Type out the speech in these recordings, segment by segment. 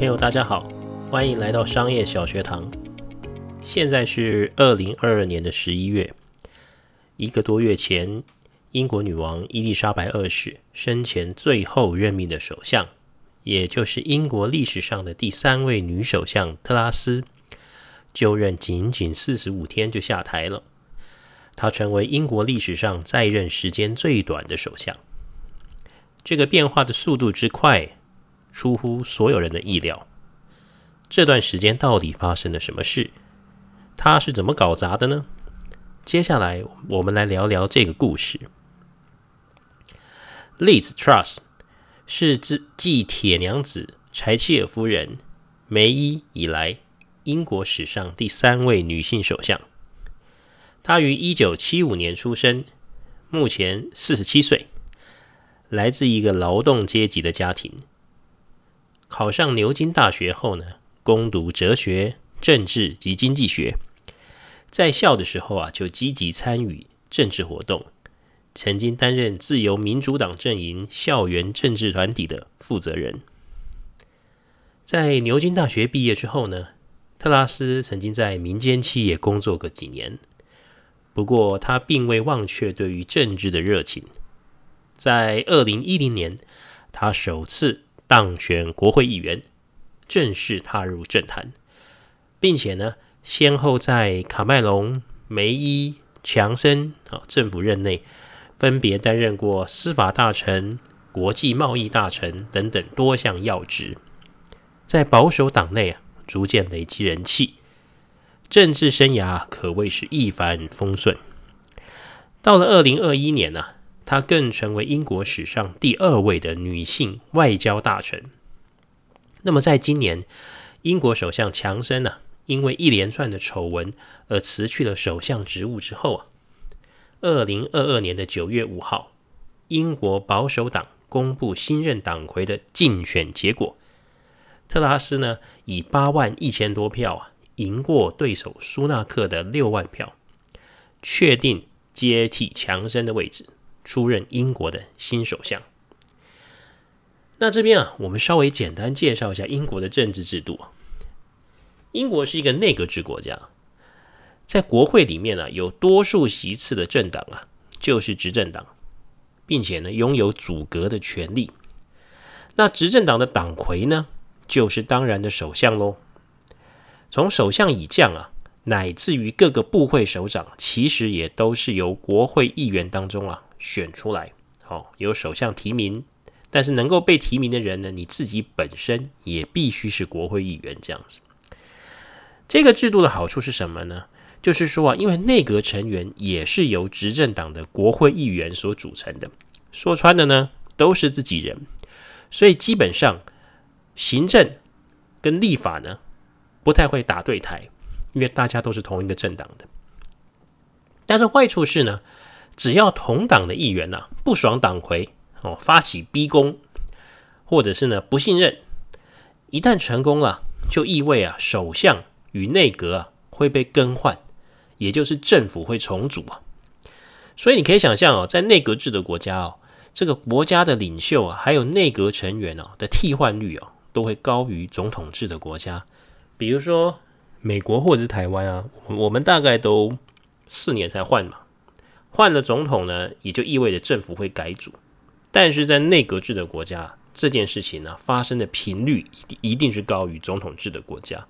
朋友，大家好，歡迎來到商業小學堂。現在是二零二二年的十一月。一個多月前，英國女王伊麗莎白二世生前最後任命的首相，也就是英國歷史上的第三位女首相特拉斯，就任僅僅四十五天就下台了。她成為英國歷史上在任時間最短的首相。這個變化的速度之快。出乎所有人的意料，這段時間到底發生了什麼事？她是怎麼搞砸的呢？接下來我們來聊聊這個故事。Liz Truss 是自繼鐵娘子柴契爾夫人梅伊以來，英國史上第三位女性首相。她於一九七五年出生，目前四十七歲，來自一個勞動階級的家庭。考上牛津大學後呢，攻讀哲學、政治及經濟學。在校的時候啊，就積極參與政治活動，曾經擔任自由民主黨陣營校園政治團體的負責人。在牛津大學畢業之後呢，特拉斯曾經在民間企業工作過幾年，不過他並未忘卻對於政治的熱情。在二零一零年，他首次當選國會議員，正式踏入政壇，並且呢，先後在卡麥隆、梅伊、強森啊政府任內，分別擔任過司法大臣、國際貿易大臣等等多項要職，在保守黨內啊，逐漸累積人氣，政治生涯可謂是一帆風順。到了二零二一年呢、啊。她更成為英國史上第二位的女性外交大臣。那麼，在今年英國首相強森呢，啊，因為一連串的醜聞而辭去了首相職務之後啊，二零二二年的九月五號，英國保守黨公布新任黨魁的競選結果，特拉斯呢，以八萬一千多票啊，贏過對手蘇納克的六萬票，確定接替強森的位置，出任英國的新首相。那這邊啊，我們稍微簡單介紹一下英國的政治制度。英國是一個內閣制國家，在國會裡面呢、啊，有多數席次的政黨啊，就是執政黨，並且呢，擁有組閣的權利。那執政黨的黨魁呢，就是當然的首相嘍。從首相以降啊，乃至於各個部會首長，其實也都是由國會議員當中啊。選出來，好、哦、由首相提名，但是能夠被提名的人呢，你自己本身也必須是國會議員這樣子。這個制度的好處是什麼呢？就是說啊，因為內閣成員也是由執政黨的國會議員所組成的，說穿了呢，都是自己人，所以基本上行政跟立法呢，不太會打對台，因為大家都是同一個政黨的。但是壞處是呢。只要同黨的議員吶、啊、不爽黨魁哦，發起逼宮，或者是呢不信任，一旦成功了，就意味着啊首相與內閣啊會被更換，也就是政府會重組啊。所以你可以想象哦，在內閣制的國家哦，這個國家的領袖、啊、還有內閣成員哦、啊、的替換率哦、啊、都會高於總統制的國家，比如說美國或者是台灣啊，我們大概都四年才換嘛。換了總統呢，也就意味着政府會改組，但是在內閣制的國家，這件事情呢、啊、發生的頻率一定，一定是高於總統制的國家。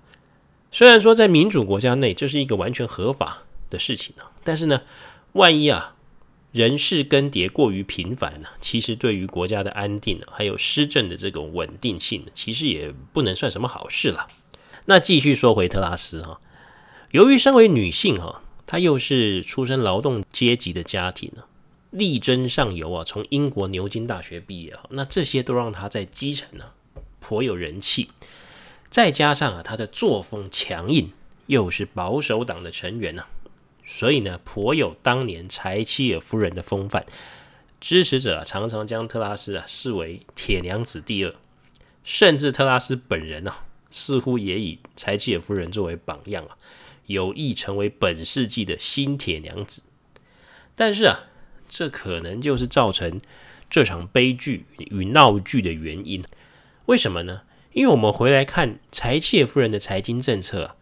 雖然說在民主國家內這、就是一個完全合法的事情啊，但是呢，萬一啊人事更迭過於頻繁呢、啊，其實對於國家的安定、啊、還有施政的這種穩定性，其實也不能算什麼好事了。那繼續說回特拉斯哈、啊，由於身為女性哈、啊。他又是出身勞動階級的家庭啊，力爭上游啊，從英國牛津大學畢業啊，那這些都讓他在基層呢，啊，頗有人氣。再加上啊，他的作風強硬，又是保守黨的成員啊，所以呢，頗有當年柴契爾夫人的風範。支持者啊，常常將特拉斯啊視為鐵娘子第二，甚至特拉斯本人啊，似乎也以柴契爾夫人作為榜樣啊。有意成為本世紀的新鐵娘子，但是啊，這可能就是造成這場悲劇與鬧劇的原因。為什麼呢？因為我們回來看柴契爾夫人的財經政策，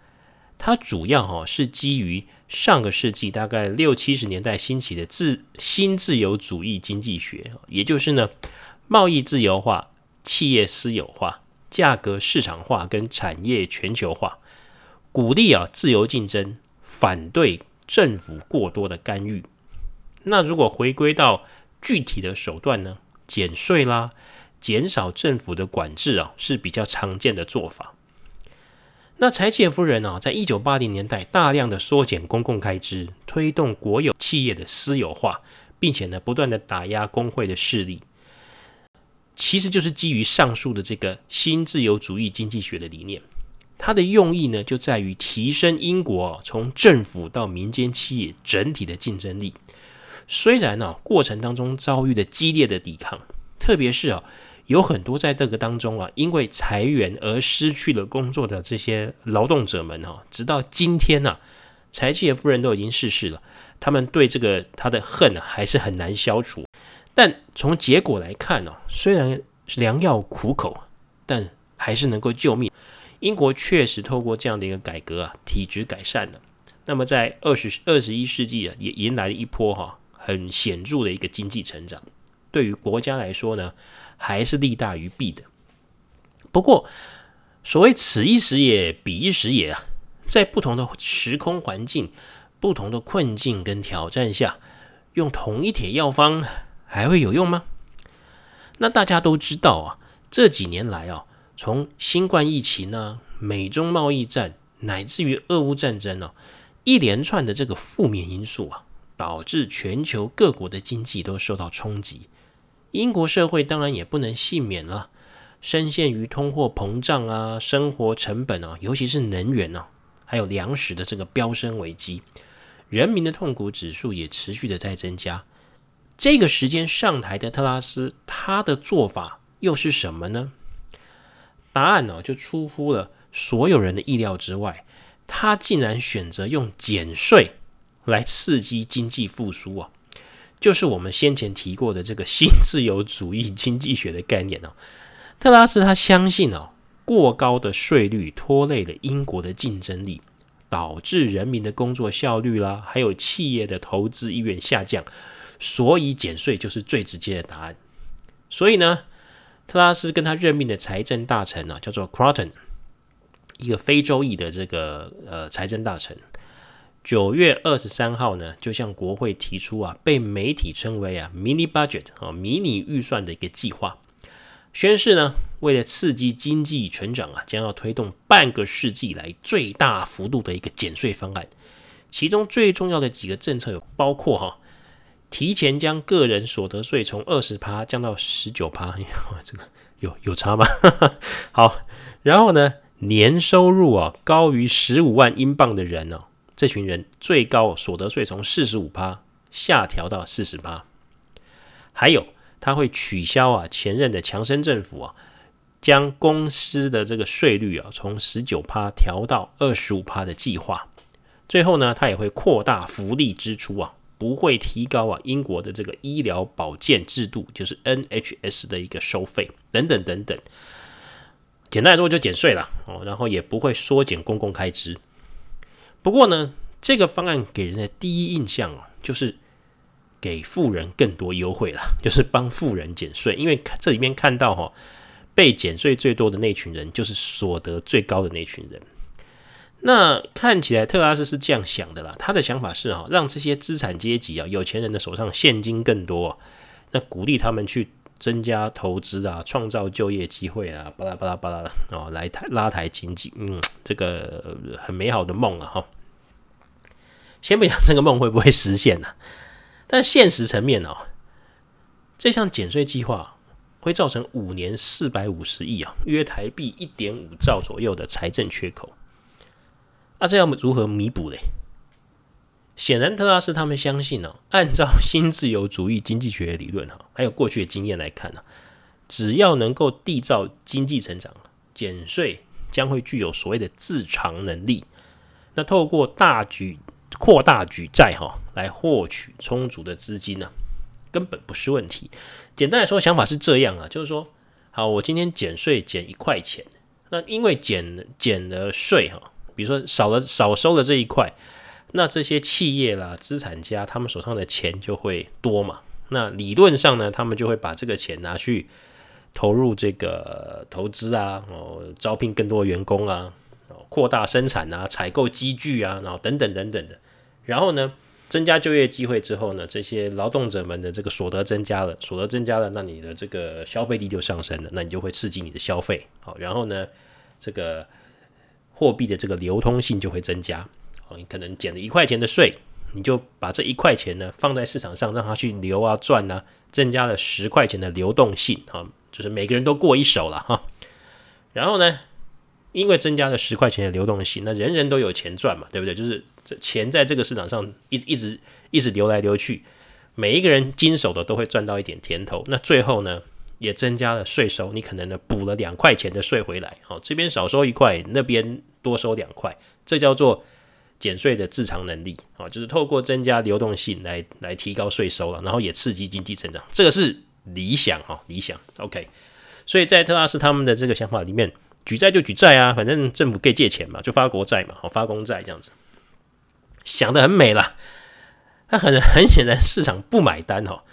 它主要哈是基於上個世紀大概六七十年代興起的自新自由主義經濟學，也就是呢，貿易自由化、企業私有化、價格市場化跟產業全球化。鼓勵啊自由競爭，反對政府過多的干預。那如果回歸到具體的手段呢？減稅啦，減少政府的管制啊，是比較常見的做法。那柴契爾夫人呢、啊，在一九八零年代大量的縮減公共開支，推動國有企業的私有化，並且呢不斷的打壓工會的勢力，其實就是基於上述的這個新自由主義經濟學的理念。它的用意呢，就在於提升英國從、哦、政府到民間企業整體的競爭力。雖然呢、啊，過程當中遭遇的激烈的抵抗，特別是啊，有很多在這個當中啊，因為裁員而失去了工作的這些勞動者們哈、啊，直到今天呢、啊，柴契爾夫人都已經逝世了，他們對這個他的恨、啊、還是很難消除。但從結果來看呢、啊，雖然良藥苦口，但還是能夠救命。英國確實透過這樣的一個改革啊，體質改善了。那麼在二十、二十一世紀啊，也迎來了一波哈、啊、很顯著的一個經濟成長。對於國家來說呢，還是利大於弊的。不過，所謂此一時也，彼一時也啊，在不同的時空環境、不同的困境跟挑戰下，用同一帖藥方還會有用嗎？那大家都知道啊，這幾年來啊。從新冠疫情呢、啊、美中貿易戰，乃至於俄烏戰爭呢、啊，一連串的這個負面因素啊，導致全球各國的經濟都受到衝擊。英國社會當然也不能幸免了，深陷於通貨膨脹啊、生活成本啊，尤其是能源啊，還有糧食的這個飆升危機，人民的痛苦指數也持續的在增加。這個時間上台的特拉斯，她的做法又是什麼呢？答案呢，就出乎了所有人的意料之外，他竟然選擇用減稅來刺激經濟復甦啊！就是我們先前提過的這個新自由主義經濟學的概念哦。特拉斯他相信哦，過高的稅率拖累了英國的競爭力，導致人民的工作效率啦，還有企業的投資意願下降，所以減稅就是最直接的答案。所以呢，特拉斯跟他任命的財政大臣呢、啊，叫做 Crawton，一個非洲裔的這個呃財政大臣，九月二十三號呢就向國會提出啊，被媒體稱為啊 mini budget 啊迷你預算的一個計劃，宣示呢為了刺激經濟成長啊，將要推動半個世紀以來最大幅度的一個減稅方案，其中最重要的幾個政策有包括哈、啊。提前將個人所得稅從二十趴降到十九趴，這個有有差嗎？好，然後呢，年收入啊高於十五萬英鎊的人呢、啊，這群人最高所得稅從四十五趴下調到四十趴，還有他會取消啊前任的強生政府啊將公司的這個稅率啊從十九趴調到二十五趴的計劃。最後呢，他也會擴大福利支出啊。不會提高啊，英國的這個醫療保健制度就是 NHS 的一個收費等等等等。簡單來說就減稅了哦，然後也不會縮減公共開支。不過呢，這個方案給人的第一印象啊，就是給富人更多優惠了，就是幫富人減稅。因為這裡面看到哈、哦，被減稅最多的那群人，就是所得最高的那群人。那看起來特拉斯是這樣想的啦，他的想法是哈、哦，讓這些資產階級啊、哦、有錢人的手上現金更多、哦，那鼓勵他們去增加投資啊，創造就業機會啊，巴拉巴拉巴拉，哦，來台拉抬經濟，嗯，這個很美好的夢啊，哈。先不講這個夢會不會實現呢、啊？但現實層面哦，這項減稅計劃會造成五年四百五十億啊，約台幣一點五兆左右的財政缺口。那、啊、這要如何彌補嘞？顯然，特拉斯他們相信呢、啊，按照新自由主義經濟學的理論哈、啊，還有過去的經驗來看呢、啊，只要能夠締造經濟成長，減稅將會具有所謂的自償能力。那透過大舉擴大舉債哈、啊，來獲取充足的資金呢、啊，根本不是問題。簡單來說，想法是這樣啊，就是說，好，我今天減稅減一塊錢，那因為減減了稅哈、啊。比如說少了少收了這一塊，那這些企業啦、資產家他們手上的錢就會多嘛。那理論上呢，他們就會把這個錢拿去投入這個投資啊，然後招聘更多員工啊，擴大生產啊，採購機具啊，然後等等等等的。然後呢，增加就業機會之後呢，這些勞動者們的這個所得增加了，所得增加了，那你的這個消費力就上升了，那你就會刺激你的消費。好，然後呢，這個。貨幣的這個流通性就會增加，哦，你可能減了一塊錢的稅，你就把這一塊錢呢放在市場上，讓它去流啊賺啊，增加了十塊錢的流動性，哈，就是每個人都過一手了，哈。然後呢，因為增加了十塊錢的流動性，那人人都有錢賺嘛，對不對？就是這錢在這個市場上一直一直一直流來流去，每一個人經手的都會賺到一點甜頭。那最後呢，也增加了稅收，你可能呢補了兩塊錢的稅回來，哦，這邊少收一塊，那邊。多收兩塊，這叫做減稅的自償能力啊，就是透過增加流動性來來提高稅收了，然後也刺激經濟成長，這個是理想哈，理想 OK。所以在特拉斯他們的這個想法裡面，舉債就舉債啊，反正政府可以借錢嘛，就發國債嘛，發公債這樣子，想得很美啦，但很很顯然市場不買單哈、哦。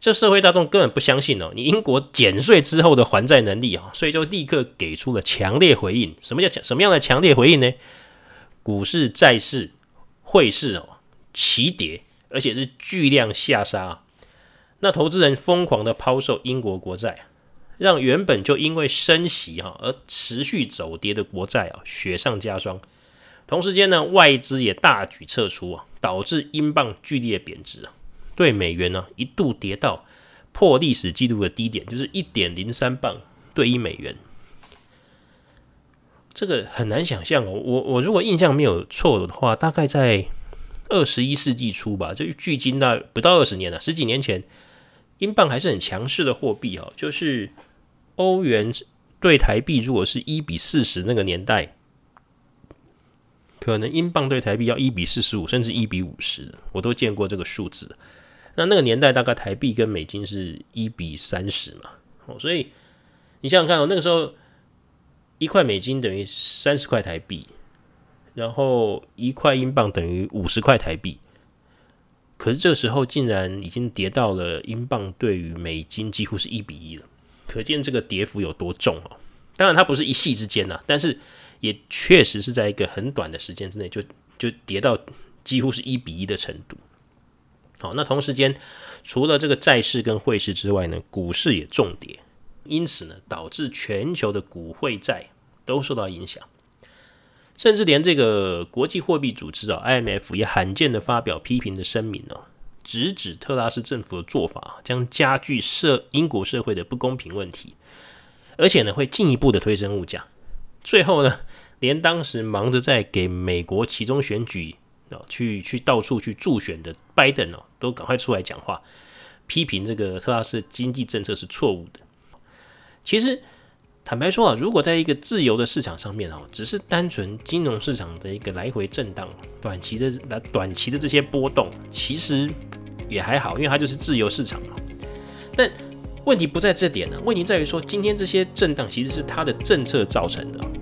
這社會大眾根本不相信哦，你英國減稅之後的還債能力啊，所以就立刻給出了強烈回應。什麼叫強？什麼樣的強烈回應呢？股市、債市、匯市哦齊跌，而且是巨量下殺、啊。那投資人瘋狂的拋售英國國債，讓原本就因為升息啊、啊、而持續走跌的國債啊雪上加霜。同時間呢，外資也大舉撤出啊，導致英鎊劇烈的貶值、啊兌美元呢、啊，一度跌到破歷史紀錄的低點，就是一點零三磅兌一美元。這個很難想象哦。我我如果印象沒有錯的話，大概在二十一世紀初吧，就距今那不到二十年了，十幾年前，英鎊還是很強勢的貨幣哦。就是歐元兌台幣如果是一比四十，那個年代，可能英鎊兌台幣要一比四十五，甚至一比五十，我都見過這個數字。那那個年代大概台幣跟美金是一比三十嘛，所以你想想看，哦，那個時候一塊美金等於三十塊台幣，然後一塊英鎊等於五十塊台幣，可是這時候竟然已經跌到了英鎊對於美金幾乎是一比一了，可見這個跌幅有多重哦、啊。當然它不是一夕之間啦，但是也確實是在一個很短的時間之內就就跌到幾乎是一比一的程度。好，那同時間，除了這個債市跟匯市之外呢，股市也重跌。因此呢，導致全球的股匯債都受到影響，甚至連這個國際貨幣組織啊 （IMF） 也罕見的發表批評的聲明哦、啊，直指特拉斯政府的做法、啊、將加劇社英國社會的不公平問題，而且呢，會進一步的推升物價，最後呢，連當時忙着在給美國其中選舉。去去到處去助選的拜登哦，都趕快出來講話，批評這個特拉斯經濟政策是錯誤的。其實坦白說啊，如果在一個自由的市場上面哦，只是單純金融市場的一個來回震盪，短期的短期的這些波動，其實也還好，因為它就是自由市場嘛。但問題不在這點呢、啊，問題在於說，今天這些震盪其實是它的政策造成的。